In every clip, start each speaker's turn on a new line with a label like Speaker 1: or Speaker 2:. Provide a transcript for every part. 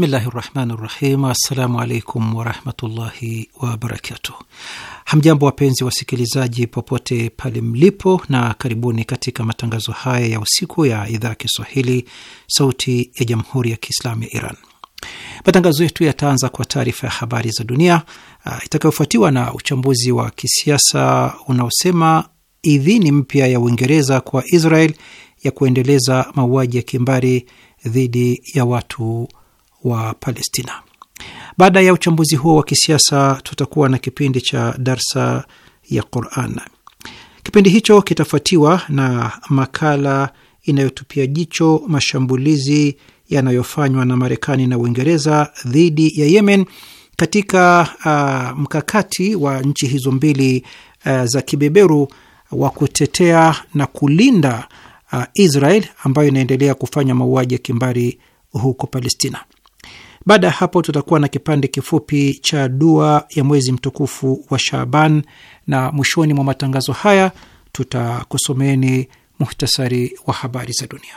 Speaker 1: Bismillahi rahmani rahim. Assalamu alaikum warahmatullahi wabarakatuh. Hamjambo wapenzi wasikilizaji, popote pale mlipo, na karibuni katika matangazo haya ya usiku ya idhaa ya Kiswahili sauti ya jamhuri ya kiislamu ya Iran. Matangazo yetu yataanza kwa taarifa ya habari za dunia ah, itakayofuatiwa na uchambuzi wa kisiasa unaosema idhini mpya ya Uingereza kwa Israel ya kuendeleza mauaji ya kimbari dhidi ya watu wa Palestina. Baada ya uchambuzi huo wa kisiasa, tutakuwa na kipindi cha darsa ya Quran. Kipindi hicho kitafuatiwa na makala inayotupia jicho mashambulizi yanayofanywa na Marekani na Uingereza dhidi ya Yemen katika uh, mkakati wa nchi hizo mbili uh, za kibeberu wa kutetea na kulinda uh, Israel ambayo inaendelea kufanya mauaji ya kimbari huko Palestina. Baada ya hapo, tutakuwa na kipande kifupi cha dua ya mwezi mtukufu wa Shaaban, na mwishoni mwa matangazo haya tutakusomeni muhtasari wa habari za dunia.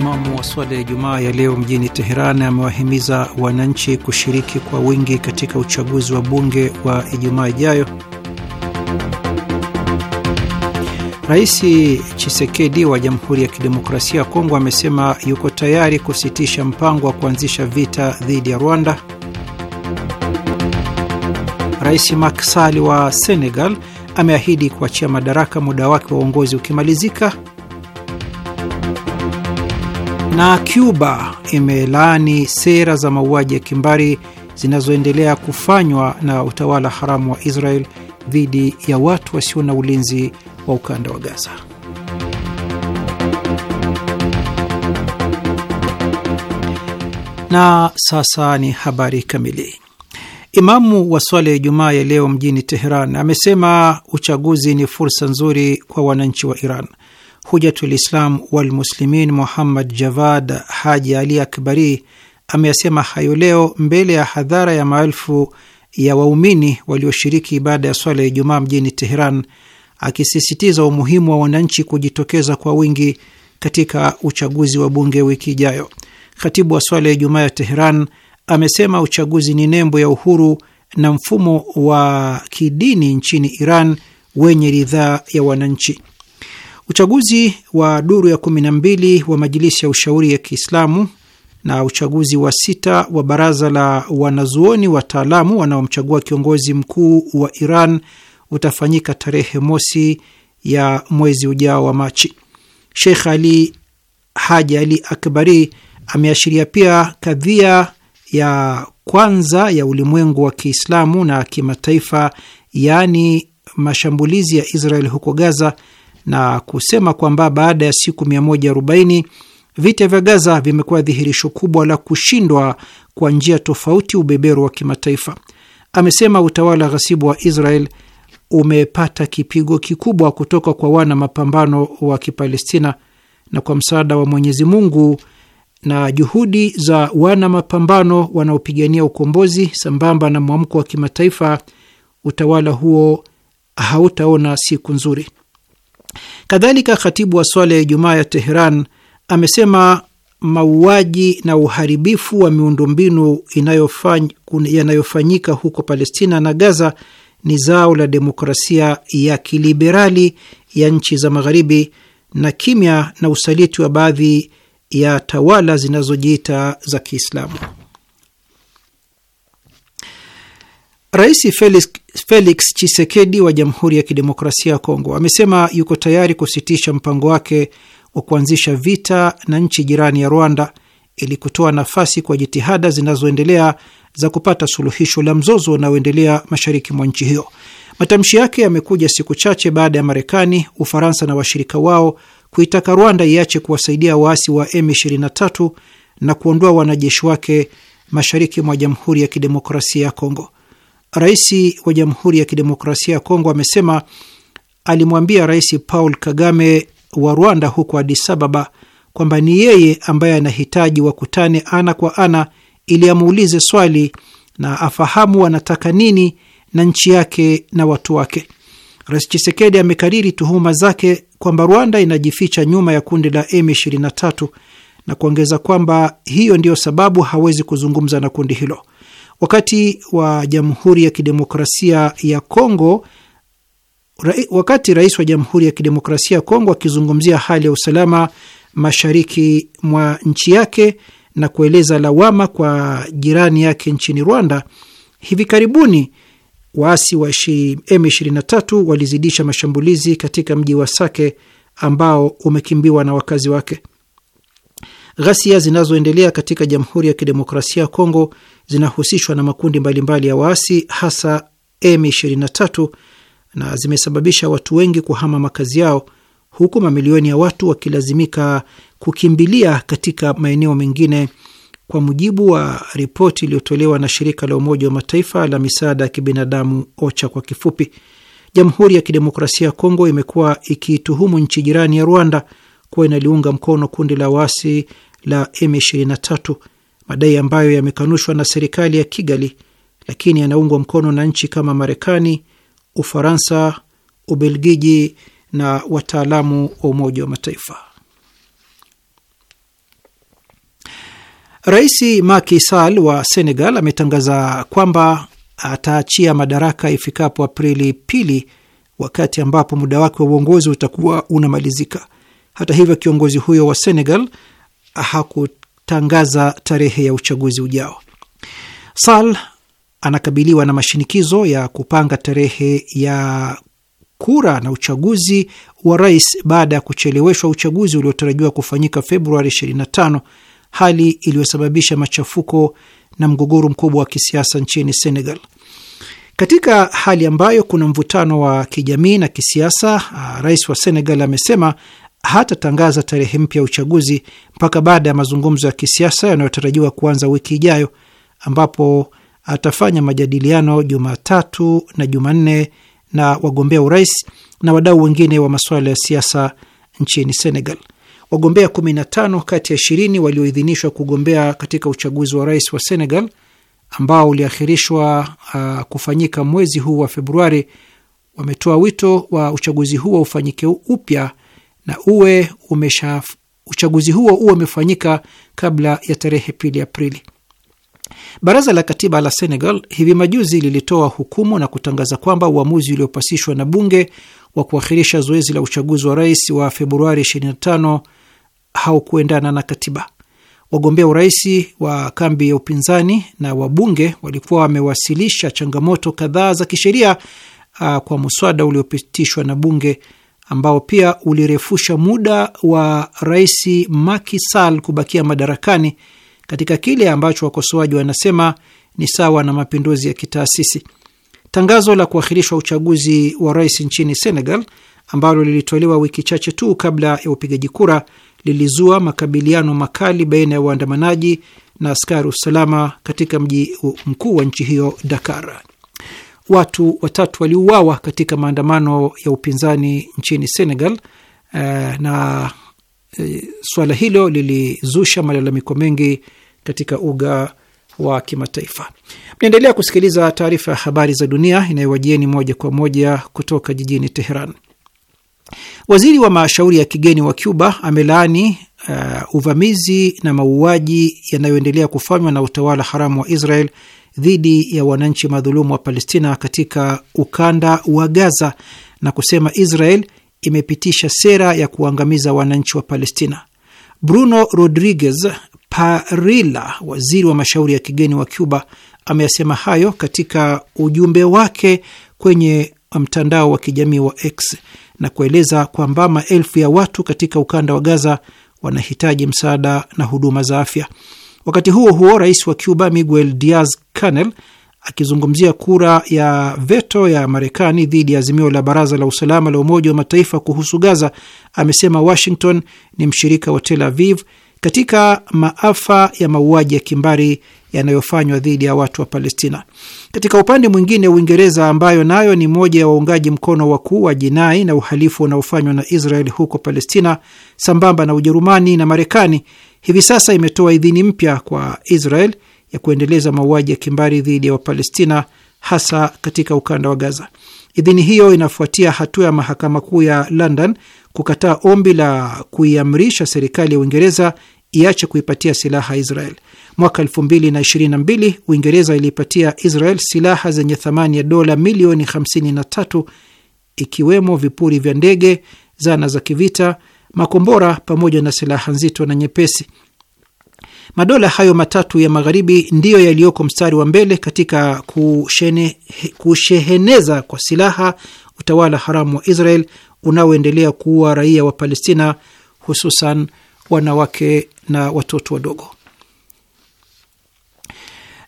Speaker 1: Imamu wa swala ya jumaa ya leo mjini Teheran amewahimiza wananchi kushiriki kwa wingi katika uchaguzi wa bunge wa Ijumaa ijayo. Rais Chisekedi wa Jamhuri ya Kidemokrasia ya Kongo amesema yuko tayari kusitisha mpango wa kuanzisha vita dhidi ya Rwanda. Rais Macky Sall wa Senegal ameahidi kuachia madaraka muda wake wa uongozi ukimalizika na Cuba imelaani sera za mauaji ya kimbari zinazoendelea kufanywa na utawala haramu wa Israel dhidi ya watu wasio na ulinzi wa ukanda wa Gaza. Na sasa ni habari kamili. Imamu wa swala ya Ijumaa ya leo mjini Teheran amesema uchaguzi ni fursa nzuri kwa wananchi wa Iran Hujatulislam Walmuslimin Muhammad Javad Haji Ali Akbari ameyasema hayo leo mbele ya hadhara ya maelfu ya waumini walioshiriki ibada ya swala ya Ijumaa mjini Teheran, akisisitiza umuhimu wa wananchi kujitokeza kwa wingi katika uchaguzi wa bunge wiki ijayo. Khatibu wa swala ya Ijumaa ya Teheran amesema uchaguzi ni nembo ya uhuru na mfumo wa kidini nchini Iran wenye ridhaa ya wananchi. Uchaguzi wa duru ya kumi na mbili wa majilisi ya ushauri ya Kiislamu na uchaguzi wa sita wa baraza la wanazuoni wataalamu wanaomchagua kiongozi mkuu wa Iran utafanyika tarehe mosi ya mwezi ujao wa Machi. Sheikh Ali Haji Ali Akbari ameashiria pia kadhia ya kwanza ya ulimwengu wa Kiislamu na kimataifa, yaani mashambulizi ya Israel huko Gaza na kusema kwamba baada ya siku 140 vita vya Gaza vimekuwa dhihirisho kubwa la kushindwa kwa njia tofauti ubeberu wa kimataifa. Amesema utawala ghasibu wa Israel umepata kipigo kikubwa kutoka kwa wana mapambano wa Kipalestina, na kwa msaada wa Mwenyezi Mungu na juhudi za wana mapambano wanaopigania ukombozi sambamba na mwamko wa kimataifa, utawala huo hautaona siku nzuri. Kadhalika, khatibu wa swala ya Ijumaa ya Teheran amesema mauaji na uharibifu wa miundombinu yanayofanyika huko Palestina na Gaza ni zao la demokrasia ya kiliberali ya nchi za Magharibi na kimya na usaliti wa baadhi ya tawala zinazojiita za Kiislamu. Rais Felix, Felix Chisekedi wa Jamhuri ya Kidemokrasia ya Kongo amesema yuko tayari kusitisha mpango wake wa kuanzisha vita na nchi jirani ya Rwanda ili kutoa nafasi kwa jitihada zinazoendelea za kupata suluhisho la mzozo unaoendelea mashariki mwa nchi hiyo. Matamshi yake yamekuja siku chache baada ya Marekani, Ufaransa na washirika wao kuitaka Rwanda iache kuwasaidia waasi wa M23 na kuondoa wanajeshi wake mashariki mwa Jamhuri ya Kidemokrasia ya Kongo. Rais wa Jamhuri ya Kidemokrasia ya Kongo amesema alimwambia Rais Paul Kagame wa Rwanda huko Addis Ababa kwamba ni yeye ambaye anahitaji wakutane ana kwa ana ili amuulize swali na afahamu anataka nini na nchi yake na watu wake. Rais Chisekedi amekariri tuhuma zake kwamba Rwanda inajificha nyuma ya kundi la M23 na kuongeza kwamba hiyo ndiyo sababu hawezi kuzungumza na kundi hilo. Wakati wa Jamhuri ya Kidemokrasia ya Kongo ra, wakati rais wa Jamhuri ya Kidemokrasia ya Kongo akizungumzia hali ya usalama mashariki mwa nchi yake na kueleza lawama kwa jirani yake nchini Rwanda, hivi karibuni waasi wa M23 walizidisha mashambulizi katika mji wa Sake ambao umekimbiwa na wakazi wake. Ghasia zinazoendelea katika Jamhuri ya Kidemokrasia ya Kongo zinahusishwa na makundi mbalimbali ya waasi hasa M23 na zimesababisha watu wengi kuhama makazi yao huku mamilioni ya watu wakilazimika kukimbilia katika maeneo mengine, kwa mujibu wa ripoti iliyotolewa na shirika la Umoja wa Mataifa la misaada ya kibinadamu OCHA kwa kifupi. Jamhuri ya Kidemokrasia ya Kongo imekuwa ikituhumu nchi jirani ya Rwanda kuwa inaliunga mkono kundi la wasi la M23, madai ambayo yamekanushwa na serikali ya Kigali, lakini yanaungwa mkono na nchi kama Marekani, Ufaransa, Ubelgiji na wataalamu wa Umoja wa Mataifa. Rais Macky Sall wa Senegal ametangaza kwamba ataachia madaraka ifikapo Aprili pili, wakati ambapo muda wake wa uongozi utakuwa unamalizika. Hata hivyo, kiongozi huyo wa Senegal hakutangaza tarehe ya uchaguzi ujao. Sall anakabiliwa na mashinikizo ya kupanga tarehe ya kura na uchaguzi wa rais baada ya kucheleweshwa uchaguzi uliotarajiwa kufanyika Februari 25, hali iliyosababisha machafuko na mgogoro mkubwa wa kisiasa nchini Senegal. Katika hali ambayo kuna mvutano wa kijamii na kisiasa, rais wa Senegal amesema hatatangaza tarehe mpya ya uchaguzi mpaka baada ya mazungumzo ya kisiasa yanayotarajiwa kuanza wiki ijayo, ambapo atafanya majadiliano Jumatatu na Jumanne na wagombea urais na wadau wengine wa masuala ya siasa nchini Senegal. Wagombea 15 kati ya 20 walioidhinishwa kugombea katika uchaguzi wa rais wa Senegal ambao uliahirishwa uh, kufanyika mwezi huu wa Februari wametoa wito wa uchaguzi huo ufanyike upya na uwe umesha uchaguzi huo uwe umefanyika kabla ya tarehe pili Aprili. Baraza la katiba la Senegal hivi majuzi lilitoa hukumu na kutangaza kwamba uamuzi uliopasishwa na bunge wa kuahirisha zoezi la uchaguzi wa rais wa Februari 25 haukuendana na katiba. Wagombea urais wa kambi ya upinzani na wabunge walikuwa wamewasilisha changamoto kadhaa za kisheria uh, kwa muswada uliopitishwa na bunge ambao pia ulirefusha muda wa Rais Macky Sall kubakia madarakani katika kile ambacho wakosoaji wanasema ni sawa na mapinduzi ya kitaasisi. Tangazo la kuahirishwa uchaguzi wa rais nchini Senegal ambalo lilitolewa wiki chache tu kabla ya upigaji kura lilizua makabiliano makali baina ya waandamanaji na askari usalama katika mji mkuu wa nchi hiyo Dakar watu watatu waliuawa katika maandamano ya upinzani nchini Senegal eh, na eh, suala hilo lilizusha malalamiko mengi katika uga wa kimataifa. Mnaendelea kusikiliza taarifa ya habari za dunia inayowajieni moja kwa moja kutoka jijini Teheran. Waziri wa mashauri ya kigeni wa Cuba amelaani uh, uvamizi na mauaji yanayoendelea kufanywa na utawala haramu wa Israel dhidi ya wananchi madhulumu wa Palestina katika ukanda wa Gaza na kusema Israel imepitisha sera ya kuangamiza wananchi wa Palestina. Bruno Rodriguez Parrilla, waziri wa mashauri ya kigeni wa Cuba, ameyasema hayo katika ujumbe wake kwenye mtandao wa kijamii wa X na kueleza kwamba maelfu ya watu katika ukanda wa Gaza wanahitaji msaada na huduma za afya. Wakati huo huo, rais wa Cuba Miguel Diaz Canel akizungumzia kura ya veto ya Marekani dhidi ya azimio la Baraza la Usalama la Umoja wa Mataifa kuhusu Gaza amesema Washington ni mshirika wa Tel Aviv katika maafa ya mauaji ya kimbari yanayofanywa dhidi ya watu wa Palestina. Katika upande mwingine, Uingereza ambayo nayo ni moja ya waungaji mkono wakuu wa jinai na uhalifu unaofanywa na Israel huko Palestina, sambamba na Ujerumani na Marekani, hivi sasa imetoa idhini mpya kwa Israel ya kuendeleza mauaji ya kimbari dhidi ya Wapalestina, hasa katika ukanda wa Gaza. Idhini hiyo inafuatia hatua ya mahakama kuu ya London kukataa ombi la kuiamrisha serikali ya Uingereza iache kuipatia silaha Israel. Mwaka 2022 Uingereza iliipatia Israel silaha zenye thamani ya dola milioni 53 ikiwemo vipuri vya ndege, zana za kivita makombora pamoja na silaha nzito na nyepesi. Madola hayo matatu ya magharibi ndiyo yaliyoko mstari wa mbele katika kushene, kusheheneza kwa silaha utawala haramu wa Israel unaoendelea kuua raia wa Palestina, hususan wanawake na watoto wadogo.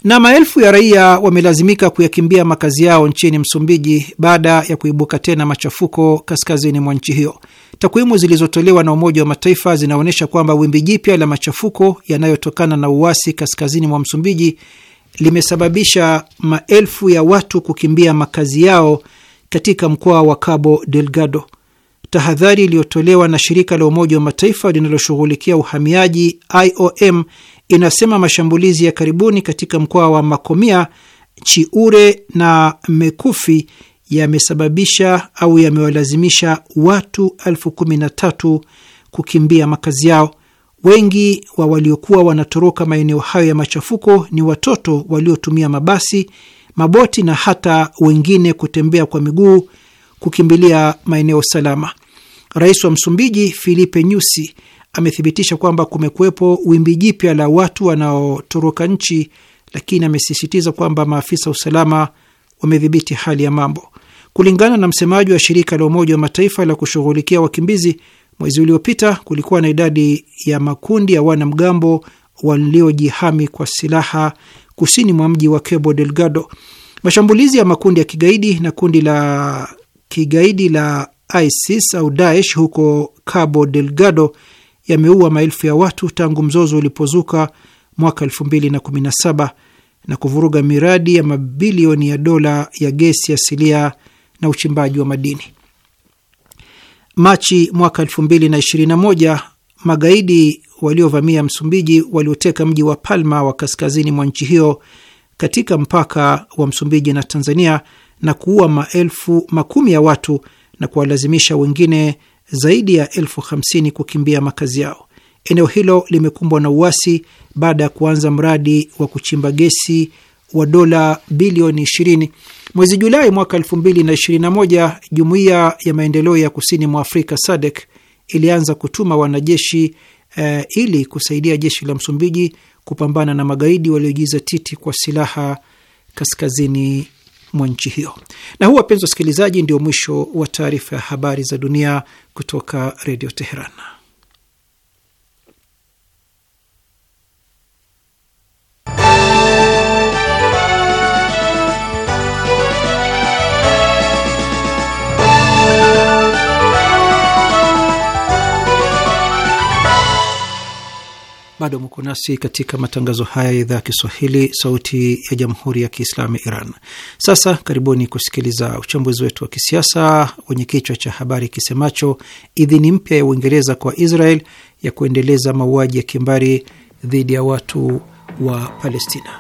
Speaker 1: Na maelfu ya raia wamelazimika kuyakimbia makazi yao nchini Msumbiji baada ya kuibuka tena machafuko kaskazini mwa nchi hiyo. Takwimu zilizotolewa na Umoja wa Mataifa zinaonyesha kwamba wimbi jipya la machafuko yanayotokana na uasi kaskazini mwa Msumbiji limesababisha maelfu ya watu kukimbia makazi yao katika mkoa wa Cabo Delgado. Tahadhari iliyotolewa na shirika la Umoja wa Mataifa linaloshughulikia uhamiaji IOM inasema mashambulizi ya karibuni katika mkoa wa Makomia, Chiure na Mekufi yamesababisha au yamewalazimisha watu elfu kumi na tatu kukimbia makazi yao. Wengi wa waliokuwa wanatoroka maeneo hayo ya machafuko ni watoto waliotumia mabasi, maboti na hata wengine kutembea kwa miguu kukimbilia maeneo salama. Rais wa Msumbiji Filipe Nyusi amethibitisha kwamba kumekuwepo wimbi jipya la watu wanaotoroka nchi, lakini amesisitiza kwamba maafisa usalama wamedhibiti hali ya mambo. Kulingana na msemaji wa shirika la Umoja wa Mataifa la kushughulikia wakimbizi, mwezi uliopita kulikuwa na idadi ya makundi ya wanamgambo waliojihami kwa silaha kusini mwa mji wa Cabo Delgado. Mashambulizi ya makundi ya kigaidi na kundi la kigaidi la ISIS au Daesh huko Cabo Delgado yameua maelfu ya watu tangu mzozo ulipozuka mwaka 217 na kuvuruga miradi ya mabilioni ya dola ya gesi asilia na uchimbaji wa madini. Machi mwaka 2021 magaidi waliovamia Msumbiji walioteka mji wa Palma wa kaskazini mwa nchi hiyo katika mpaka wa Msumbiji na Tanzania na kuua maelfu makumi ya watu na kuwalazimisha wengine zaidi ya elfu hamsini kukimbia makazi yao. Eneo hilo limekumbwa na uasi baada ya kuanza mradi wa kuchimba gesi wa dola bilioni 20. Mwezi Julai mwaka 2021, Jumuiya ya Maendeleo ya Kusini mwa Afrika SADC ilianza kutuma wanajeshi uh, ili kusaidia jeshi la Msumbiji kupambana na magaidi waliojizatiti kwa silaha kaskazini mwa nchi hiyo. Na huu, wapenzi wasikilizaji, ndio mwisho wa taarifa ya habari za dunia kutoka Redio Teheran. Bado mko nasi katika matangazo haya ya idhaa ya Kiswahili, sauti ya jamhuri ya kiislamu ya Iran. Sasa karibuni kusikiliza uchambuzi wetu wa kisiasa wenye kichwa cha habari kisemacho idhini mpya ya Uingereza kwa Israel ya kuendeleza mauaji ya kimbari dhidi ya watu wa Palestina.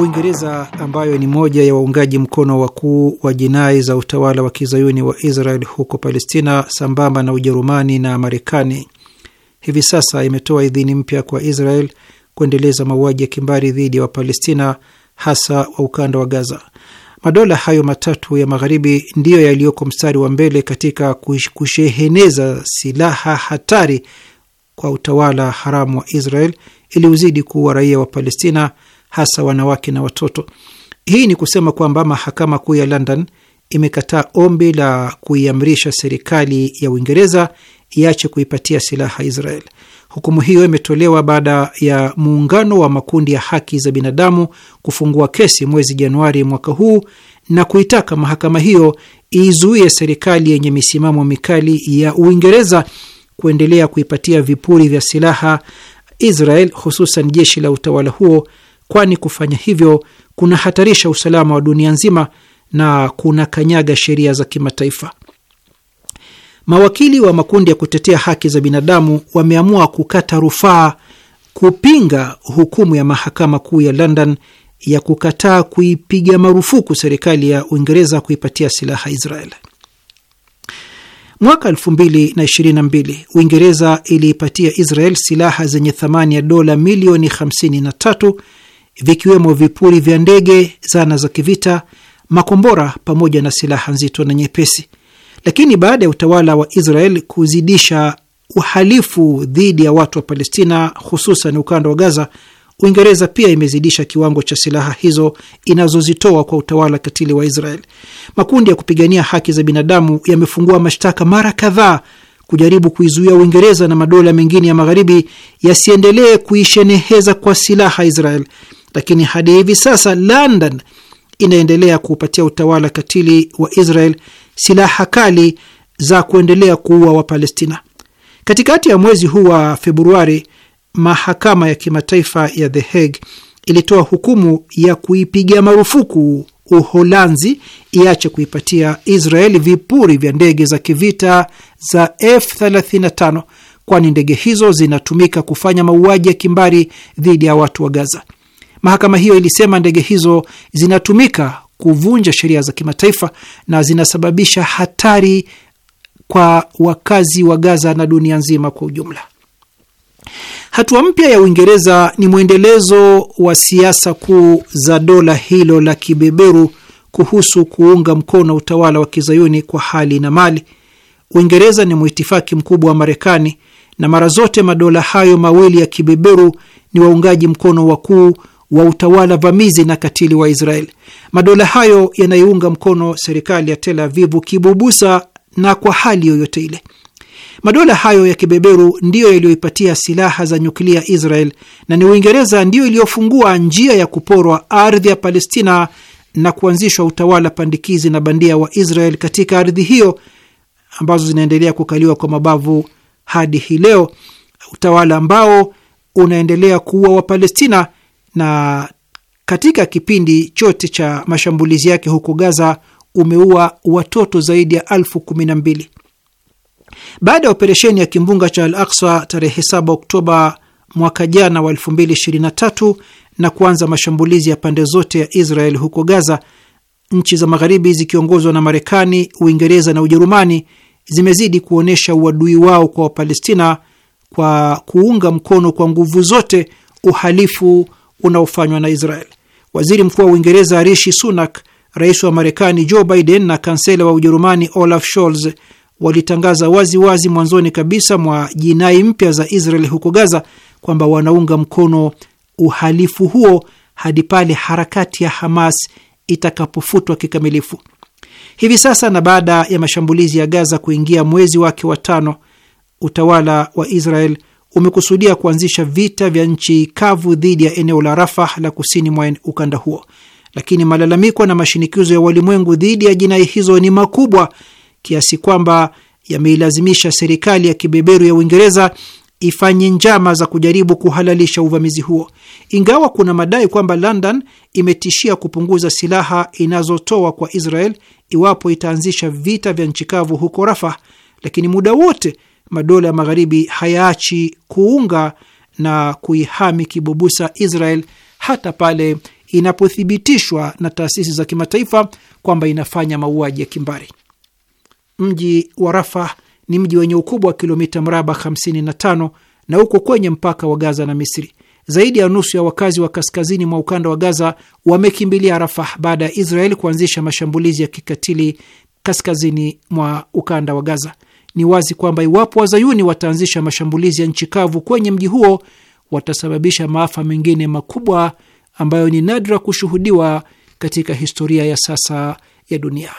Speaker 1: Uingereza ambayo ni moja ya waungaji mkono wakuu wa jinai za utawala wa kizayuni wa Israel huko Palestina, sambamba na Ujerumani na Marekani, hivi sasa imetoa idhini mpya kwa Israel kuendeleza mauaji ya kimbari dhidi ya Wapalestina, hasa wa ukanda wa Gaza. Madola hayo matatu ya magharibi ndiyo yaliyoko mstari wa mbele katika kusheheneza silaha hatari kwa utawala haramu wa Israel ili uzidi kuua raia wa Palestina hasa wanawake na watoto. Hii ni kusema kwamba mahakama kuu ya London imekataa ombi la kuiamrisha serikali ya Uingereza iache kuipatia silaha Israel. Hukumu hiyo imetolewa baada ya muungano wa makundi ya haki za binadamu kufungua kesi mwezi Januari mwaka huu na kuitaka mahakama hiyo iizuie serikali yenye misimamo mikali ya Uingereza kuendelea kuipatia vipuri vya silaha Israel, hususan jeshi la utawala huo kwani kufanya hivyo kunahatarisha usalama wa dunia nzima na kunakanyaga sheria za kimataifa. Mawakili wa makundi ya kutetea haki za binadamu wameamua kukata rufaa kupinga hukumu ya mahakama kuu ya London ya kukataa kuipiga marufuku serikali ya Uingereza kuipatia silaha Israel. Mwaka 2022 Uingereza iliipatia Israel silaha zenye thamani ya dola milioni 53 vikiwemo vipuri vya ndege, zana za kivita, makombora pamoja na silaha nzito na nyepesi. Lakini baada ya utawala wa Israel kuzidisha uhalifu dhidi ya watu wa Palestina, hususan ukanda wa Gaza, Uingereza pia imezidisha kiwango cha silaha hizo inazozitoa kwa utawala katili wa Israel. Makundi ya kupigania haki za binadamu yamefungua mashtaka mara kadhaa kujaribu kuizuia Uingereza na madola mengine ya magharibi yasiendelee kuisheneheza kwa silaha Israel, lakini hadi hivi sasa London inaendelea kuupatia utawala katili wa Israel silaha kali za kuendelea kuua Wapalestina. Katikati ya mwezi huu wa Februari, mahakama ya kimataifa ya The Hague ilitoa hukumu ya kuipiga marufuku Uholanzi iache kuipatia Israel vipuri vya ndege za kivita za F35 kwani ndege hizo zinatumika kufanya mauaji ya kimbari dhidi ya watu wa Gaza. Mahakama hiyo ilisema ndege hizo zinatumika kuvunja sheria za kimataifa na zinasababisha hatari kwa wakazi wa Gaza na dunia nzima kwa ujumla. Hatua mpya ya Uingereza ni mwendelezo wa siasa kuu za dola hilo la kibeberu kuhusu kuunga mkono utawala wa kizayuni kwa hali na mali. Uingereza ni mwitifaki mkubwa wa Marekani na mara zote madola hayo mawili ya kibeberu ni waungaji mkono wakuu wa utawala vamizi na katili wa Israel. Madola hayo yanaiunga mkono serikali ya Tel Avivu kibubusa na kwa hali yoyote ile. Madola hayo ya kibeberu ndiyo yaliyoipatia silaha za nyuklia Israel na ni Uingereza ndiyo iliyofungua njia ya kuporwa ardhi ya Palestina na kuanzishwa utawala pandikizi na bandia wa Israel katika ardhi hiyo ambazo zinaendelea kukaliwa kwa mabavu hadi hii leo, utawala ambao unaendelea kuua Wapalestina na katika kipindi chote cha mashambulizi yake huko Gaza umeua watoto zaidi ya elfu kumi na mbili. Baada ya operesheni ya kimbunga cha Al Aksa tarehe 7 Oktoba mwaka jana wa 2023 na kuanza mashambulizi ya pande zote ya Israel huko Gaza, nchi za magharibi zikiongozwa na Marekani, Uingereza na Ujerumani zimezidi kuonyesha uadui wao kwa Wapalestina kwa kuunga mkono kwa nguvu zote uhalifu unaofanywa na Israel. Waziri mkuu wa Uingereza Rishi Sunak, rais wa Marekani Joe Biden na kansela wa Ujerumani Olaf Scholz walitangaza waziwazi wazi mwanzoni kabisa mwa jinai mpya za Israel huko Gaza kwamba wanaunga mkono uhalifu huo hadi pale harakati ya Hamas itakapofutwa kikamilifu. Hivi sasa na baada ya mashambulizi ya Gaza kuingia mwezi wake wa tano, utawala wa Israel umekusudia kuanzisha vita vya nchi kavu dhidi ya eneo la Rafah la kusini mwa ukanda huo, lakini malalamiko na mashinikizo ya walimwengu dhidi ya jinai hizo ni makubwa kiasi kwamba yameilazimisha serikali ya kibeberu ya Uingereza ifanye njama za kujaribu kuhalalisha uvamizi huo, ingawa kuna madai kwamba London imetishia kupunguza silaha inazotoa kwa Israel iwapo itaanzisha vita vya nchi kavu huko Rafah, lakini muda wote madola ya magharibi hayaachi kuunga na kuihami kibubusa Israel hata pale inapothibitishwa na taasisi za kimataifa kwamba inafanya mauaji ya kimbari. Mji wa Rafa ni mji wenye ukubwa wa kilomita mraba 55 na uko kwenye mpaka wa Gaza na Misri. Zaidi ya nusu ya wakazi wa kaskazini mwa ukanda wa Gaza wamekimbilia rafa baada ya Israel kuanzisha mashambulizi ya kikatili kaskazini mwa ukanda wa Gaza. Ni wazi kwamba iwapo wazayuni wataanzisha mashambulizi ya nchi kavu kwenye mji huo, watasababisha maafa mengine makubwa ambayo ni nadra kushuhudiwa katika historia ya sasa ya dunia.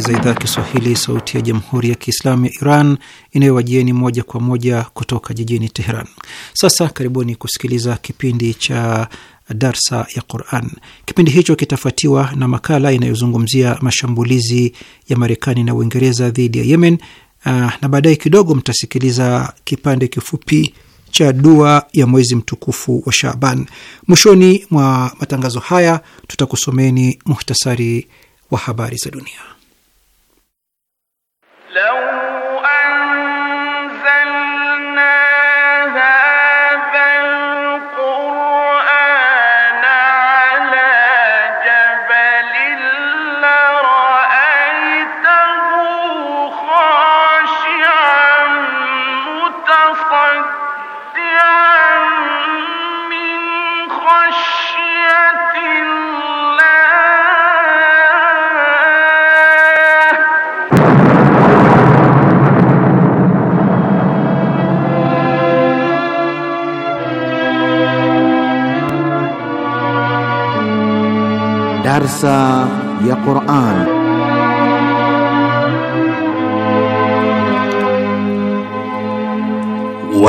Speaker 1: za idhaa ya Kiswahili, sauti ya jamhuri ya kiislamu ya Iran inayowajieni moja kwa moja kutoka jijini Teheran. Sasa karibuni kusikiliza kipindi cha darsa ya Quran. Kipindi hicho kitafuatiwa na makala inayozungumzia mashambulizi ya Marekani na Uingereza dhidi ya Yemen, ah, na baadaye kidogo mtasikiliza kipande kifupi cha dua ya mwezi mtukufu wa shaban Mwishoni mwa matangazo haya tutakusomeni muhtasari wa habari za dunia.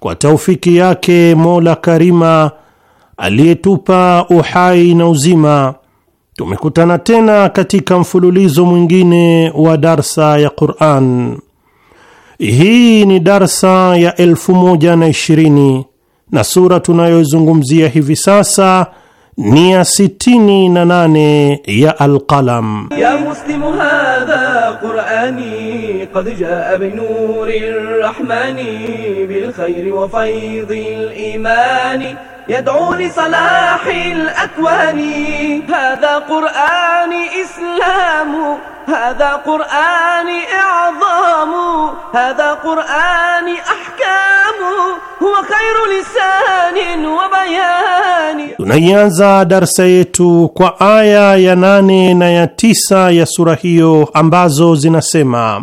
Speaker 2: kwa taufiki yake Mola Karima aliyetupa uhai na uzima, tumekutana tena katika mfululizo mwingine wa darsa ya Qur'an. Hii ni darsa ya elfu moja na ishirini na sura tunayoizungumzia hivi sasa mia sitini na nane ya Alqalam.
Speaker 3: Ya muslimu hadha qurani qad jaa bi nuri rrahmani bil khairi wa faydhi al imani يدعو لصلاح
Speaker 4: الأكوان
Speaker 3: هذا قرآن إسلام هذا قرآن إعظام هذا قرآن أحكام هو خير لسان وبيان.
Speaker 2: Tunaianza darsa yetu kwa aya ya nane na ya tisa ya sura hiyo ambazo zinasema: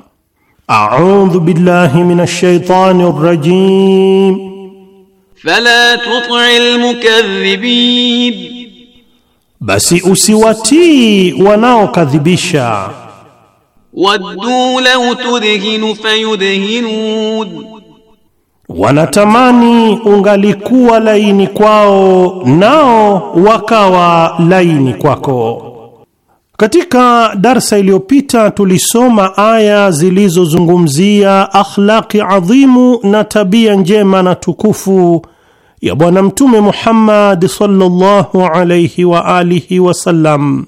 Speaker 2: A'udhu billahi minash shaitani rrajim Fala tut'il mukadhibin, basi usiwatii wanaokadhibisha.
Speaker 5: Waddu law tudhinu fayudhinun,
Speaker 2: wanatamani ungalikuwa laini kwao nao wakawa laini kwako. Katika darsa iliyopita tulisoma aya zilizozungumzia akhlaqi adhimu na tabia njema na tukufu ya Bwana Mtume Muhammad sallallahu alayhi wa alihi wasallam,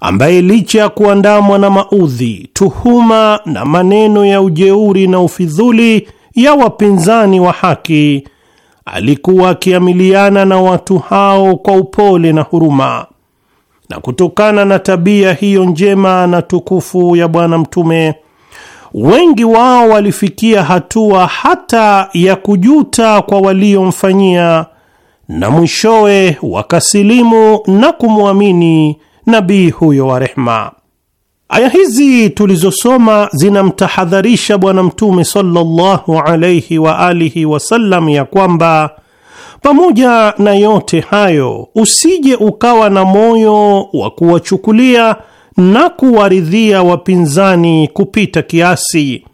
Speaker 2: ambaye licha ya kuandamwa na maudhi, tuhuma na maneno ya ujeuri na ufidhuli ya wapinzani wa haki, alikuwa akiamiliana na watu hao kwa upole na huruma. Na kutokana na tabia hiyo njema na tukufu ya Bwana Mtume, wengi wao walifikia hatua hata ya kujuta kwa waliomfanyia, na mwishowe wakasilimu na kumwamini nabii huyo wa rehma. Aya hizi tulizosoma zinamtahadharisha Bwana Mtume sallallahu alaihi wa alihi wasallam ya kwamba pamoja na yote hayo, usije ukawa na moyo wa kuwachukulia na kuwaridhia wapinzani kupita kiasi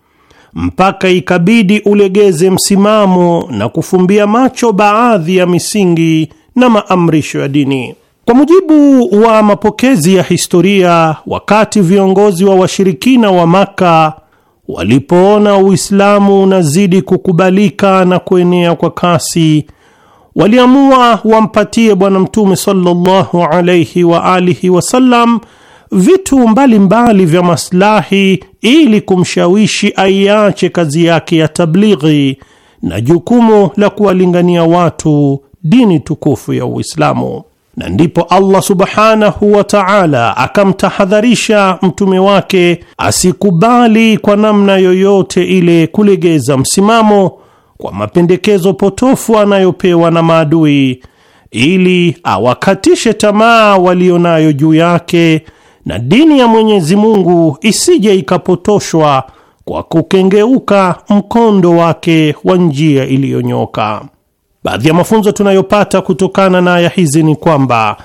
Speaker 2: mpaka ikabidi ulegeze msimamo na kufumbia macho baadhi ya misingi na maamrisho ya dini. Kwa mujibu wa mapokezi ya historia, wakati viongozi wa washirikina wa Maka walipoona Uislamu unazidi kukubalika na kuenea kwa kasi waliamua wampatie Bwana Mtume sallallahu alayhi wa alihi wasallam vitu mbalimbali mbali vya maslahi ili kumshawishi aiache kazi yake ya tablighi na jukumu la kuwalingania watu dini tukufu ya Uislamu. Na ndipo Allah subhanahu wa ta'ala akamtahadharisha mtume wake asikubali kwa namna yoyote ile kulegeza msimamo kwa mapendekezo potofu anayopewa na maadui ili awakatishe tamaa nayo juu yake na dini ya Mwenyezi Mungu isije ikapotoshwa kwa kukengeuka mkondo wake wa njia iliyonyoka. Baadhi ya mafunzo tunayopata kutokana na aya hizi ni kwamba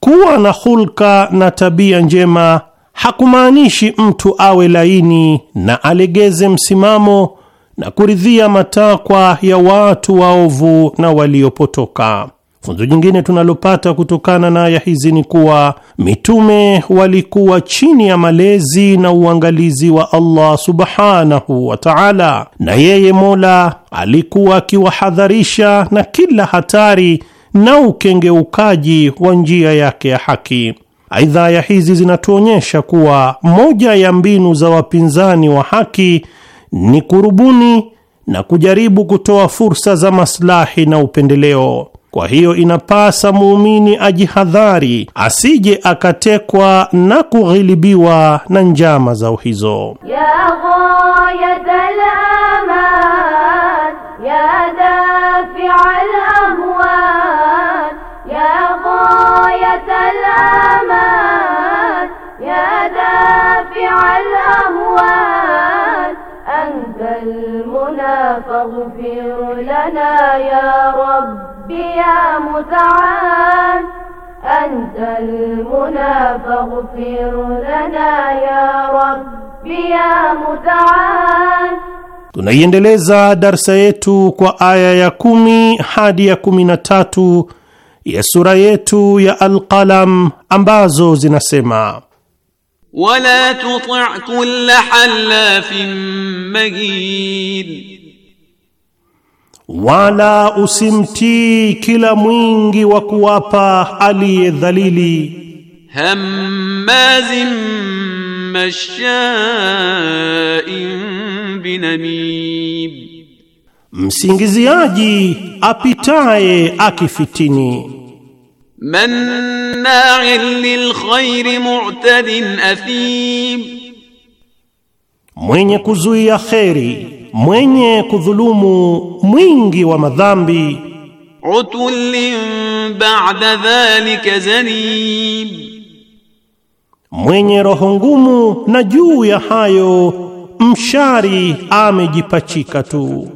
Speaker 2: kuwa na hulka na tabia njema hakumaanishi mtu awe laini na alegeze msimamo na kuridhia matakwa ya watu waovu na waliopotoka. Funzo jingine tunalopata kutokana na aya hizi ni kuwa mitume walikuwa chini ya malezi na uangalizi wa Allah subhanahu wa ta'ala, na yeye Mola alikuwa akiwahadharisha na kila hatari na ukengeukaji wa njia yake ya haki. Aidha, aya hizi zinatuonyesha kuwa moja ya mbinu za wapinzani wa haki ni kurubuni na kujaribu kutoa fursa za maslahi na upendeleo. Kwa hiyo inapasa muumini ajihadhari asije akatekwa na kughilibiwa na njama zao hizo
Speaker 3: ya فاغفر لنا يا رب يا متعال أنت المنى فاغفر لنا يا رب يا متعال
Speaker 2: Tunaiendeleza darsa yetu kwa aya ya kumi hadi ya kumi na tatu ya sura yetu ya Alqalam ambazo zinasema
Speaker 4: wala tuti' kulla halafin mahin
Speaker 2: wala usimtii kila mwingi wa kuwapa aliye dhalili.
Speaker 4: Hammazim masha'in binamim,
Speaker 2: msingiziaji apitaye akifitini.
Speaker 4: Manna'in lilkhairi mu'tadin athim,
Speaker 2: mwenye kuzuia kheri mwenye kudhulumu mwingi wa madhambi. Utullin ba'da dhalika
Speaker 4: zanim,
Speaker 2: mwenye roho ngumu na juu ya hayo mshari amejipachika tu.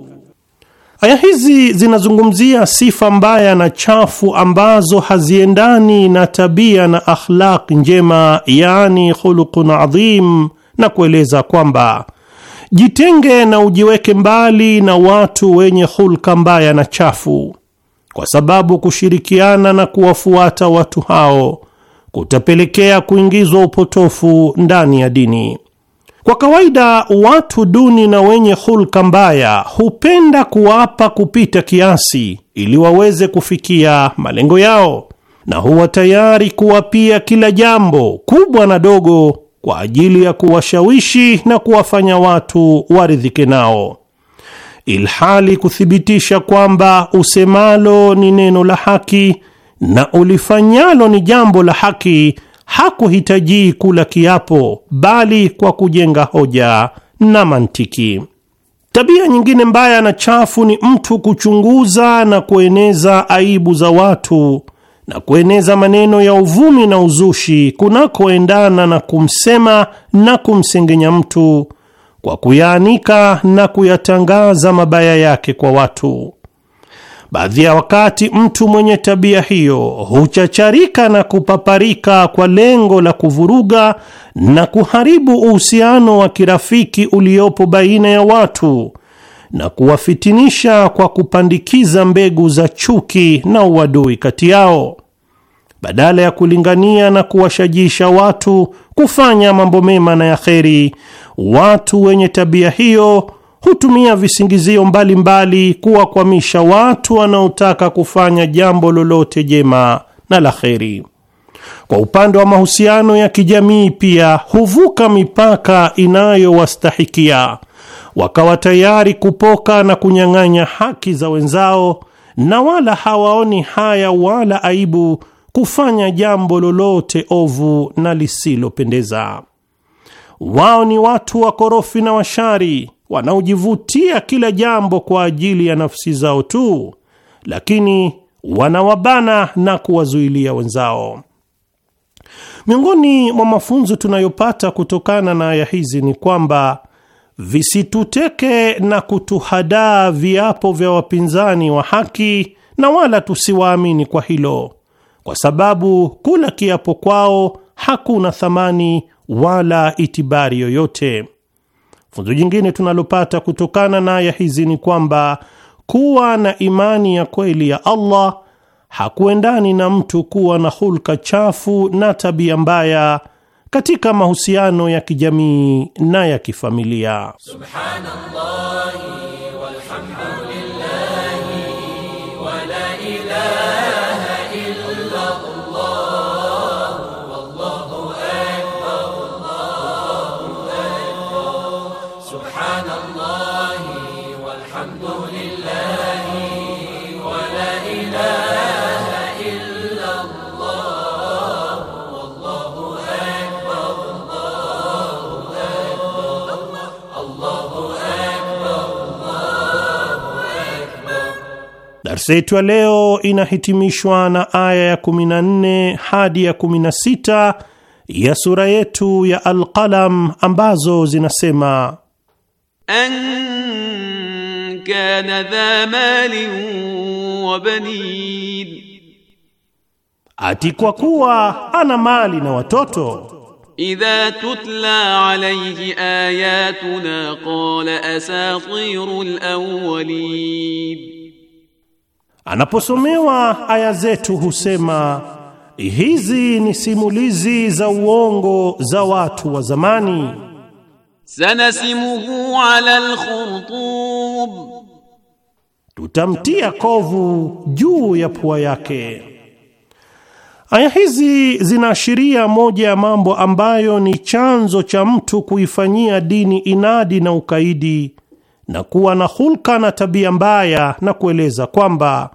Speaker 2: Aya hizi zinazungumzia sifa mbaya na chafu ambazo haziendani na tabia na akhlaq njema, yani khuluqun adhim, na kueleza kwamba Jitenge na ujiweke mbali na watu wenye hulka mbaya na chafu, kwa sababu kushirikiana na kuwafuata watu hao kutapelekea kuingizwa upotofu ndani ya dini. Kwa kawaida watu duni na wenye hulka mbaya hupenda kuwapa kupita kiasi ili waweze kufikia malengo yao, na huwa tayari kuwapia kila jambo kubwa na dogo kwa ajili ya kuwashawishi na kuwafanya watu waridhike nao, ilhali kuthibitisha kwamba usemalo ni neno la haki na ulifanyalo ni jambo la haki hakuhitajii kula kiapo, bali kwa kujenga hoja na mantiki. Tabia nyingine mbaya na chafu ni mtu kuchunguza na kueneza aibu za watu na kueneza maneno ya uvumi na uzushi kunakoendana na kumsema na kumsengenya mtu kwa kuyaanika na kuyatangaza mabaya yake kwa watu. Baadhi ya wakati mtu mwenye tabia hiyo huchacharika na kupaparika kwa lengo la kuvuruga na kuharibu uhusiano wa kirafiki uliopo baina ya watu na kuwafitinisha kwa kupandikiza mbegu za chuki na uadui kati yao, badala ya kulingania na kuwashajisha watu kufanya mambo mema na ya kheri. Watu wenye tabia hiyo hutumia visingizio mbalimbali kuwakwamisha watu wanaotaka kufanya jambo lolote jema na la kheri. Kwa upande wa mahusiano ya kijamii, pia huvuka mipaka inayowastahikia wakawa tayari kupoka na kunyang'anya haki za wenzao, na wala hawaoni haya wala aibu kufanya jambo lolote ovu na lisilopendeza. Wao ni watu wakorofi na washari wanaojivutia kila jambo kwa ajili ya nafsi zao tu, lakini wanawabana na kuwazuilia wenzao. Miongoni mwa mafunzo tunayopata kutokana na aya hizi ni kwamba visituteke na kutuhadaa viapo vya wapinzani wa haki, na wala tusiwaamini kwa hilo, kwa sababu kula kiapo kwao hakuna thamani wala itibari yoyote. Funzo jingine tunalopata kutokana na aya hizi ni kwamba kuwa na imani ya kweli ya Allah hakuendani na mtu kuwa na hulka chafu na tabia mbaya katika mahusiano ya kijamii na ya kifamilia. Subhanallah. Darsa yetu ya leo inahitimishwa na aya ya 14 hadi ya 16 ya sura yetu ya Alqalam ambazo zinasema:
Speaker 4: an kana dha mali wa banin, ati kwa
Speaker 2: kuwa ana mali na watoto
Speaker 4: Idha tutla alayhi ayatuna qala asatirul awwalin
Speaker 2: Anaposomewa aya zetu husema hizi ni simulizi za uongo za watu wa zamani.
Speaker 4: Sanasimuhu ala alkhurtub,
Speaker 2: tutamtia kovu juu ya pua yake. Aya hizi zinaashiria moja ya mambo ambayo ni chanzo cha mtu kuifanyia dini inadi na ukaidi na kuwa na hulka na tabia mbaya, na kueleza kwamba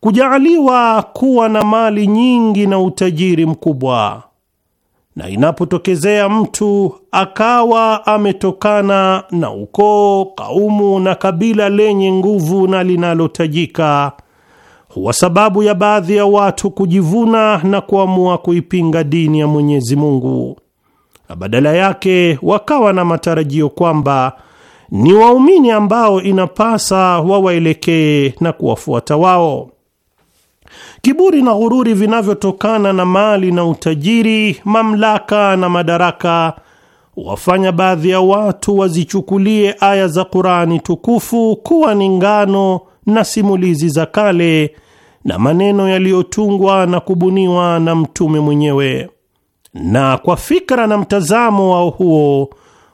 Speaker 2: kujaaliwa kuwa na mali nyingi na utajiri mkubwa, na inapotokezea mtu akawa ametokana na ukoo, kaumu na kabila lenye nguvu na linalotajika, huwa sababu ya baadhi ya watu kujivuna na kuamua kuipinga dini ya Mwenyezi Mungu, na badala yake wakawa na matarajio kwamba ni waumini ambao inapasa wawaelekee na kuwafuata wao. Kiburi na ghururi vinavyotokana na mali na utajiri, mamlaka na madaraka wafanya baadhi ya watu wazichukulie aya za Qur'ani tukufu kuwa ni ngano na simulizi za kale na maneno yaliyotungwa na kubuniwa na mtume mwenyewe, na kwa fikra na mtazamo wao huo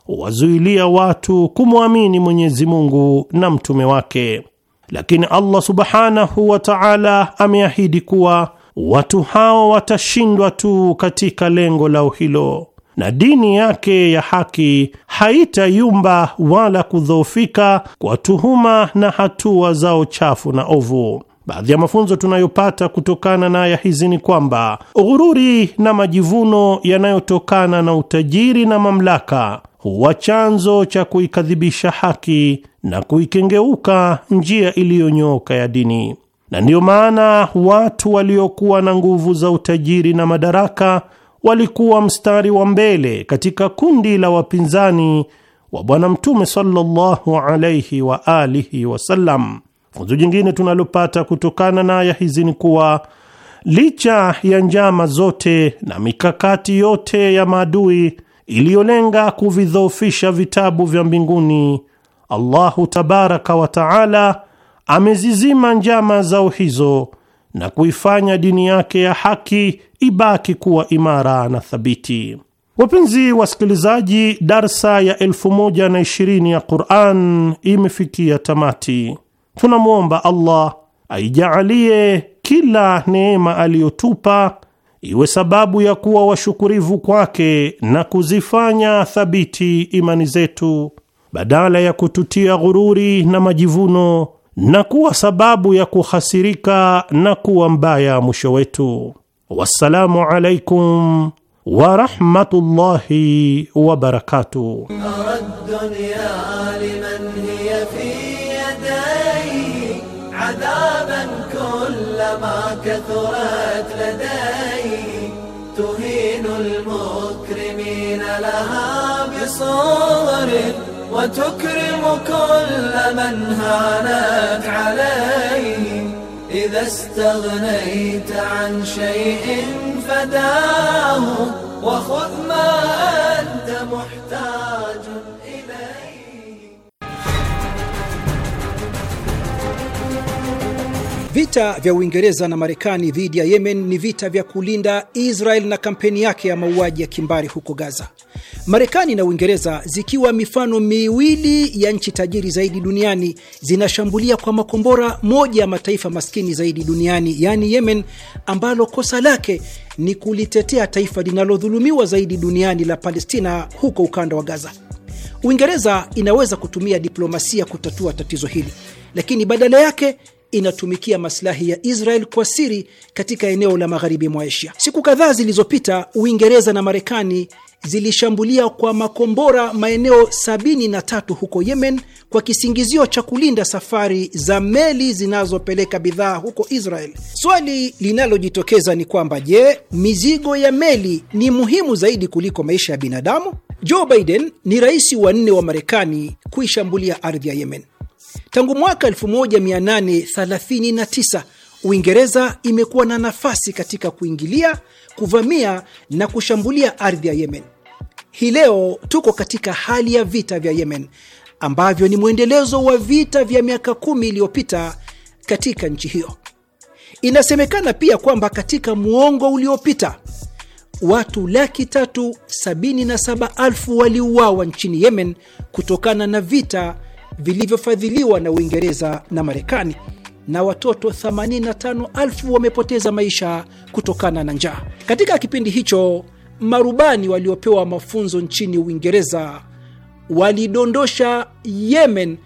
Speaker 2: wazuilia watu kumwamini Mwenyezi Mungu na mtume wake lakini Allah subhanahu wa ta'ala ameahidi kuwa watu hao watashindwa tu katika lengo lao hilo, na dini yake ya haki haitayumba wala kudhoofika kwa tuhuma na hatua zao chafu na ovu. Baadhi ya mafunzo tunayopata kutokana na aya hizi ni kwamba ghururi na majivuno yanayotokana na utajiri na mamlaka huwa chanzo cha kuikadhibisha haki na kuikengeuka njia iliyonyooka ya dini, na ndiyo maana watu waliokuwa na nguvu za utajiri na madaraka walikuwa mstari wa mbele katika kundi la wapinzani wa Bwana Mtume sallallahu alaihi wa alihi wasallam. Funzo jingine tunalopata kutokana na aya hizi ni kuwa licha ya njama zote na mikakati yote ya maadui iliyolenga kuvidhoofisha vitabu vya mbinguni, Allahu tabaraka wa taala amezizima njama zao hizo na kuifanya dini yake ya haki ibaki kuwa imara na thabiti. Wapenzi wasikilizaji, darsa ya 1020 ya Quran imefikia tamati. Tunamwomba Allah aijaalie kila neema aliyotupa iwe sababu ya kuwa washukurivu kwake na kuzifanya thabiti imani zetu badala ya kututia ghururi na majivuno na kuwa sababu ya kuhasirika na kuwa mbaya mwisho wetu. Wassalamu alaikum wa rahmatullahi wa barakatuh.
Speaker 4: صغر وتكرم كل من هانك عليه إذا استغنيت عن شيء فداه وخذ ما
Speaker 3: أنت محتاج إليه
Speaker 1: Vita vya Uingereza na Marekani dhidi ya Yemen ni vita vya kulinda Israel na kampeni yake ya mauaji ya kimbari huko Gaza. Marekani na Uingereza zikiwa mifano miwili ya nchi tajiri zaidi duniani zinashambulia kwa makombora moja ya mataifa maskini zaidi duniani, yaani Yemen, ambalo kosa lake ni kulitetea taifa linalodhulumiwa zaidi duniani la Palestina huko ukanda wa Gaza. Uingereza inaweza kutumia diplomasia kutatua tatizo hili, lakini badala yake inatumikia maslahi ya Israel kwa siri katika eneo la magharibi mwa Asia. Siku kadhaa zilizopita, Uingereza na Marekani zilishambulia kwa makombora maeneo 73 huko Yemen kwa kisingizio cha kulinda safari za meli zinazopeleka bidhaa huko Israel. Swali linalojitokeza ni kwamba je, mizigo ya meli ni muhimu zaidi kuliko maisha ya binadamu? Joe Biden ni rais wa nne wa Marekani kuishambulia ardhi ya Yemen. Tangu mwaka 1839 Uingereza imekuwa na nafasi katika kuingilia, kuvamia na kushambulia ardhi ya Yemen. Hii leo tuko katika hali ya vita vya Yemen ambavyo ni mwendelezo wa vita vya miaka kumi iliyopita katika nchi hiyo. Inasemekana pia kwamba katika muongo uliopita watu laki tatu sabini na saba alfu waliuawa nchini Yemen kutokana na vita vilivyofadhiliwa na Uingereza na Marekani, na watoto 85,000 wamepoteza maisha kutokana na njaa. Katika kipindi hicho, marubani waliopewa mafunzo nchini Uingereza walidondosha Yemen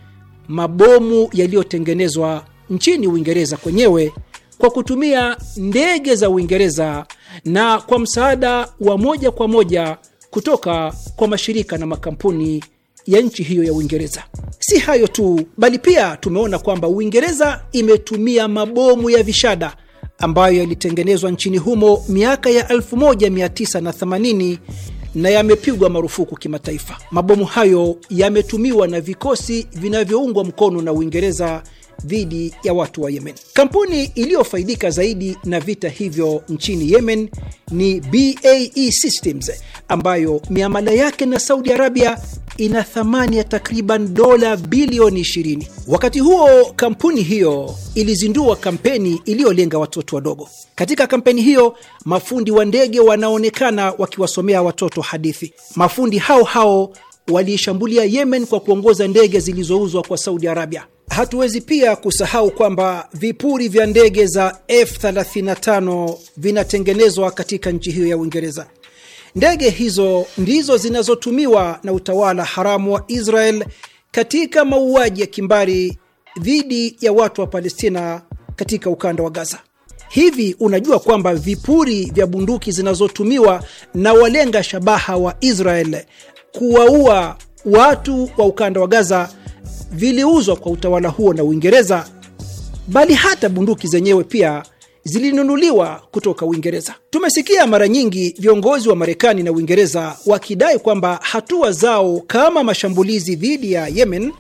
Speaker 1: mabomu yaliyotengenezwa nchini Uingereza kwenyewe kwa kutumia ndege za Uingereza na kwa msaada wa moja kwa moja kutoka kwa mashirika na makampuni ya nchi hiyo ya Uingereza. Si hayo tu, bali pia tumeona kwamba Uingereza imetumia mabomu ya vishada ambayo yalitengenezwa nchini humo miaka ya 1980 na yamepigwa marufuku kimataifa. Mabomu hayo yametumiwa na vikosi vinavyoungwa mkono na Uingereza dhidi ya watu wa Yemen. Kampuni iliyofaidika zaidi na vita hivyo nchini Yemen ni BAE Systems ambayo miamala yake na Saudi Arabia ina thamani ya takriban dola bilioni 20. Wakati huo kampuni hiyo ilizindua kampeni iliyolenga watoto wadogo. Katika kampeni hiyo, mafundi wa ndege wanaonekana wakiwasomea watoto hadithi. Mafundi hao hao waliishambulia Yemen kwa kuongoza ndege zilizouzwa kwa Saudi Arabia. Hatuwezi pia kusahau kwamba vipuri vya ndege za F35 vinatengenezwa katika nchi hiyo ya Uingereza. Ndege hizo ndizo zinazotumiwa na utawala haramu wa Israel katika mauaji ya kimbari dhidi ya watu wa Palestina katika ukanda wa Gaza. Hivi unajua kwamba vipuri vya bunduki zinazotumiwa na walenga shabaha wa Israel kuwaua watu wa ukanda wa Gaza viliuzwa kwa utawala huo na Uingereza, bali hata bunduki zenyewe pia zilinunuliwa kutoka Uingereza. Tumesikia mara nyingi viongozi wa Marekani na Uingereza wakidai kwamba hatua zao kama mashambulizi dhidi ya Yemen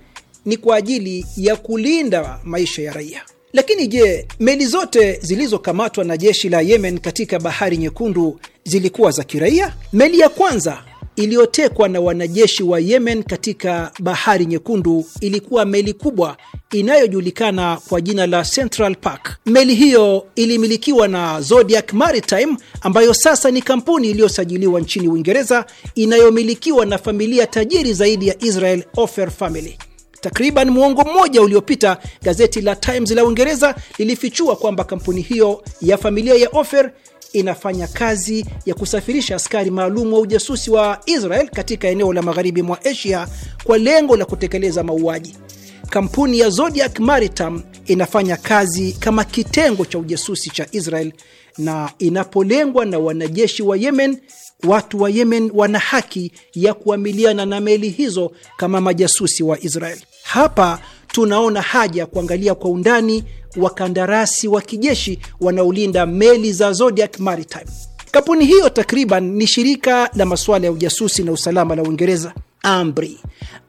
Speaker 1: ni kwa ajili ya kulinda maisha ya raia. Lakini je, meli zote zilizokamatwa na jeshi la Yemen katika Bahari Nyekundu zilikuwa za kiraia? Meli ya kwanza iliyotekwa na wanajeshi wa Yemen katika Bahari Nyekundu ilikuwa meli kubwa inayojulikana kwa jina la Central Park. Meli hiyo ilimilikiwa na Zodiac Maritime ambayo sasa ni kampuni iliyosajiliwa nchini Uingereza inayomilikiwa na familia tajiri zaidi ya Israel, Ofer family. Takriban muongo mmoja uliopita gazeti la Times la Uingereza lilifichua kwamba kampuni hiyo ya familia ya Ofer inafanya kazi ya kusafirisha askari maalum wa ujasusi wa Israel katika eneo la magharibi mwa Asia kwa lengo la kutekeleza mauaji. Kampuni ya Zodiac Maritime inafanya kazi kama kitengo cha ujasusi cha Israel, na inapolengwa na wanajeshi wa Yemen, watu wa Yemen wana haki ya kuamiliana na meli hizo kama majasusi wa Israel. Hapa tunaona haja ya kuangalia kwa undani wakandarasi wa kijeshi wanaolinda meli za Zodiac Maritime. Kampuni hiyo takriban ni shirika la masuala ya ujasusi na usalama la Uingereza, AMBRI,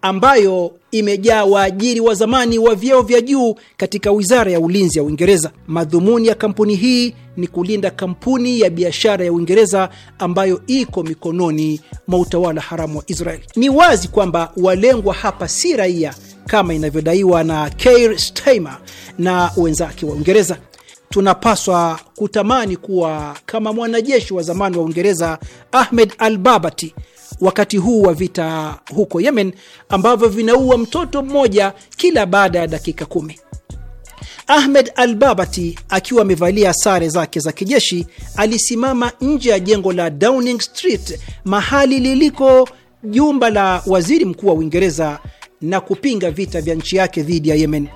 Speaker 1: ambayo imejaa waajiri wa zamani wa vyeo vya juu katika wizara ya ulinzi ya Uingereza. Madhumuni ya kampuni hii ni kulinda kampuni ya biashara ya Uingereza ambayo iko mikononi mwa utawala haramu wa Israeli. Ni wazi kwamba walengwa hapa si raia kama inavyodaiwa na Keir Starmer na wenzake wa Uingereza. Tunapaswa kutamani kuwa kama mwanajeshi wa zamani wa Uingereza Ahmed al-Babati wakati huu wa vita huko Yemen ambavyo vinaua mtoto mmoja kila baada ya dakika kumi. Ahmed al-Babati akiwa amevalia sare zake za kijeshi alisimama nje ya jengo la Downing Street, mahali liliko jumba la waziri mkuu wa Uingereza na kupinga vita vya nchi yake dhidi ya Yemen.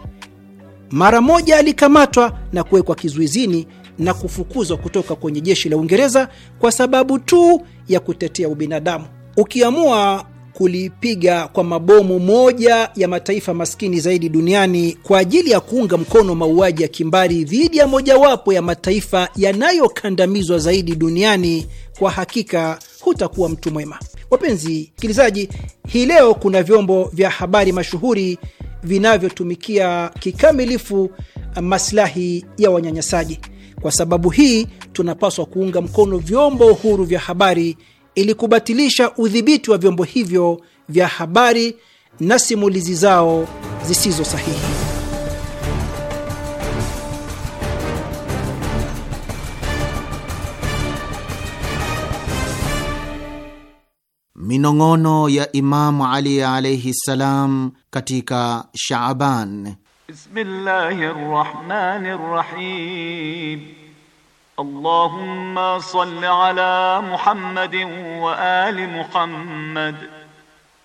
Speaker 1: Mara moja alikamatwa na kuwekwa kizuizini na kufukuzwa kutoka kwenye jeshi la Uingereza kwa sababu tu ya kutetea ubinadamu. Ukiamua kulipiga kwa mabomu moja ya mataifa maskini zaidi duniani kwa ajili ya kuunga mkono mauaji ya kimbari dhidi ya mojawapo ya mataifa yanayokandamizwa zaidi duniani, kwa hakika hutakuwa mtu mwema. Wapenzi msikilizaji, hii leo kuna vyombo vya habari mashuhuri vinavyotumikia kikamilifu maslahi ya wanyanyasaji. Kwa sababu hii, tunapaswa kuunga mkono vyombo huru vya habari ili kubatilisha udhibiti wa vyombo hivyo vya habari na simulizi zao zisizo sahihi.
Speaker 6: minong'ono ya Imamu Ali alaihi ssalam katika Shaaban.
Speaker 5: Bismillahi rahmani rahim. Allahumma salli ala Muhammadin wa ali Muhammad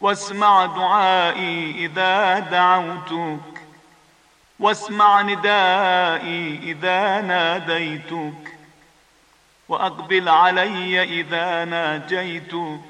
Speaker 5: wasma duai idha da'autuk wasma nidai idha nadaituk wa aqbil alayya idha najaituk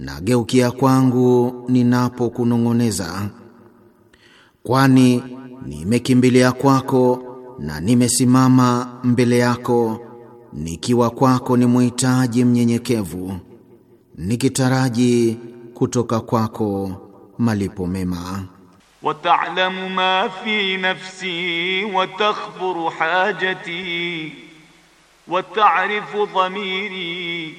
Speaker 6: na geukia kwangu ninapokunong'oneza, kwani nimekimbilia kwako na nimesimama mbele yako nikiwa kwako ni muhitaji mnyenyekevu, nikitaraji kutoka kwako malipo mema.
Speaker 5: watalamu ma fi nafsi wa hajati wa ta'rifu dhamiri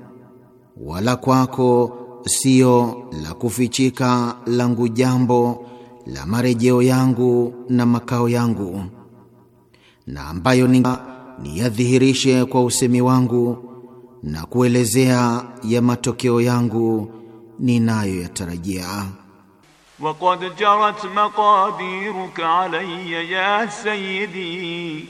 Speaker 6: wala kwako sio la kufichika langu jambo la marejeo yangu na makao yangu, na ambayo niyadhihirishe kwa usemi wangu na kuelezea ya matokeo yangu ninayoyatarajia.
Speaker 5: waqad jarat maqadiruka alayya ya sayyidi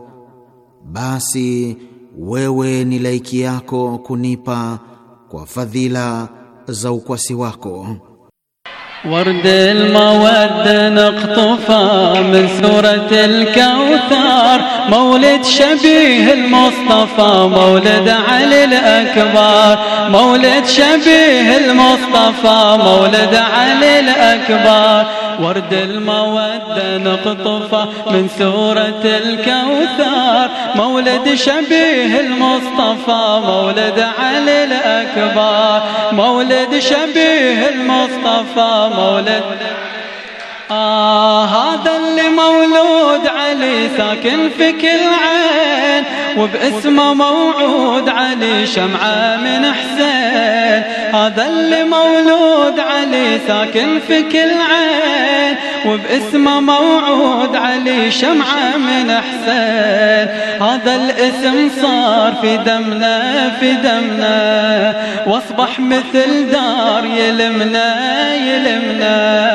Speaker 6: basi wewe ni laiki yako kunipa kwa fadhila za ukwasi wako.
Speaker 4: ورد المودة نقطفة من سورة الكوثر مولد شبيه المصطفى مولد علي الأكبر مولد شبيه المصطفى مولد علي الأكبر ورد المودة نقطفة من سورة الكوثر مولد شبيه المصطفى مولد علي الأكبر مولد شبيه المصطفى مولى آه هذا اللي مولود علي ساكن في كل عين وباسمه موعود علي شمعة من حسين هذا اللي مولود علي ساكن في كل عين وباسم موعود علي شمعة من حسين هذا الاسم صار في دمنا في دمنا واصبح مثل دار يلمنا يلمنا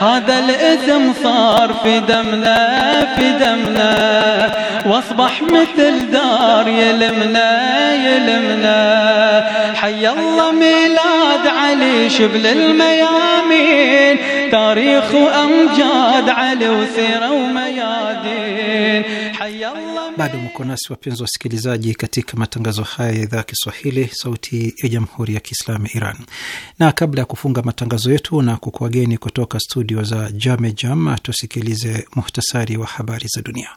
Speaker 4: هذا الاسم صار في دمنا في دمنا واصبح مثل دار يلمنا يلمنا حي الله ميلاد علي شبل الميامين تاريخ أمجاد علي وسيرة
Speaker 1: وميادين حي الله Bado mko nasi wapenzi wasikilizaji, katika matangazo haya ya idhaa ya Kiswahili, sauti ya jamhuri ya kiislamu ya Iran. Na kabla ya kufunga matangazo yetu na kukuageni kutoka studio za Jame Jam, tusikilize muhtasari wa habari za dunia.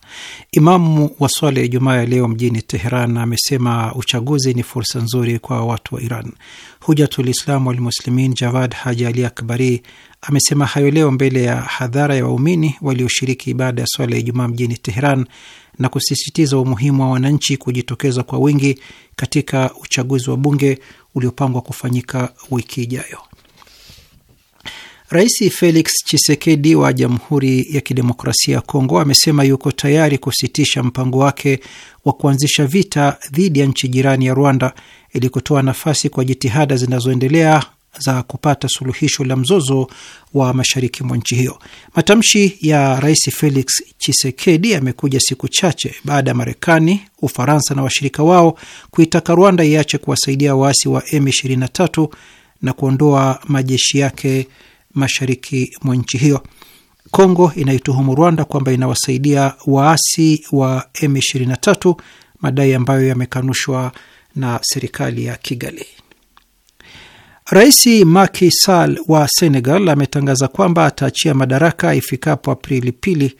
Speaker 1: Imamu wa swala ya Ijumaa ya leo mjini Teheran amesema uchaguzi ni fursa nzuri kwa watu wa Iran. Hujatul Islamu Walmuslimin Javad Haji Ali Akbari amesema hayo leo mbele ya hadhara ya waumini walioshiriki ibada ya swala ya Ijumaa mjini Teheran na kusisitiza umuhimu wa wananchi kujitokeza kwa wingi katika uchaguzi wa bunge uliopangwa kufanyika wiki ijayo. Rais Felix Tshisekedi wa Jamhuri ya Kidemokrasia ya Kongo amesema yuko tayari kusitisha mpango wake wa kuanzisha vita dhidi ya nchi jirani ya Rwanda ili kutoa nafasi kwa jitihada zinazoendelea za kupata suluhisho la mzozo wa mashariki mwa nchi hiyo. Matamshi ya Rais Felix chisekedi yamekuja siku chache baada ya Marekani, Ufaransa na washirika wao kuitaka Rwanda iache kuwasaidia waasi wa M23 na kuondoa majeshi yake mashariki mwa nchi hiyo. Kongo inaituhumu Rwanda kwamba inawasaidia waasi wa M23, madai ambayo yamekanushwa na serikali ya Kigali. Rais Macky Sall wa Senegal ametangaza kwamba ataachia madaraka ifikapo Aprili pili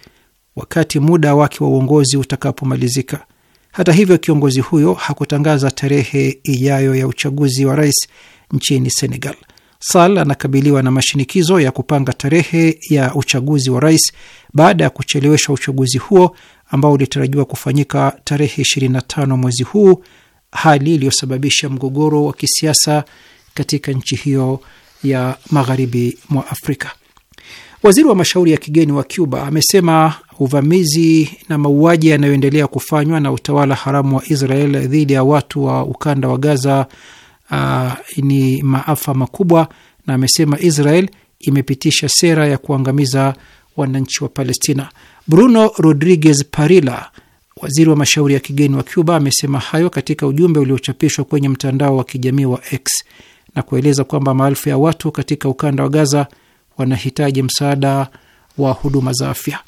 Speaker 1: wakati muda wake wa uongozi utakapomalizika. Hata hivyo, kiongozi huyo hakutangaza tarehe ijayo ya uchaguzi wa rais nchini Senegal. Sall anakabiliwa na mashinikizo ya kupanga tarehe ya uchaguzi wa rais baada ya kuchelewesha uchaguzi huo ambao ulitarajiwa kufanyika tarehe 25 mwezi huu, hali iliyosababisha mgogoro wa kisiasa katika nchi hiyo ya magharibi mwa Afrika. Waziri wa mashauri ya kigeni wa Cuba amesema uvamizi na mauaji yanayoendelea kufanywa na utawala haramu wa Israel dhidi ya watu wa ukanda wa Gaza uh, ni maafa makubwa, na amesema Israel imepitisha sera ya kuangamiza wananchi wa Palestina. Bruno Rodriguez Parilla, waziri wa mashauri ya kigeni wa Cuba, amesema hayo katika ujumbe uliochapishwa kwenye mtandao wa kijamii wa X na kueleza kwamba maelfu ya watu katika ukanda wa Gaza wanahitaji msaada wa huduma za afya.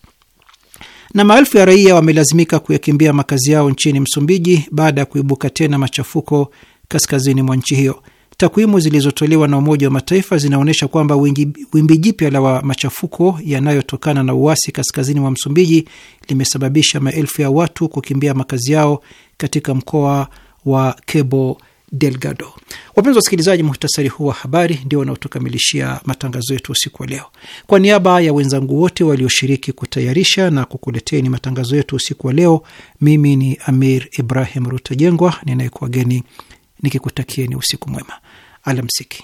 Speaker 1: Na maelfu ya raia wamelazimika kuyakimbia makazi yao nchini Msumbiji baada ya kuibuka tena machafuko kaskazini mwa nchi hiyo. Takwimu zilizotolewa na Umoja wa Mataifa zinaonyesha kwamba wimbi jipya la machafuko yanayotokana na uasi kaskazini mwa Msumbiji limesababisha maelfu ya watu kukimbia makazi yao katika mkoa wa Cabo Delgado. Wapenzi wasikilizaji, muhtasari huu wa habari ndio wanaotukamilishia matangazo yetu usiku wa leo. Kwa niaba ya wenzangu wote walioshiriki kutayarisha na kukuleteni matangazo yetu usiku wa leo, mimi ni Amir Ibrahim Rutajengwa ninayekuwageni nikikutakieni usiku mwema, alamsiki.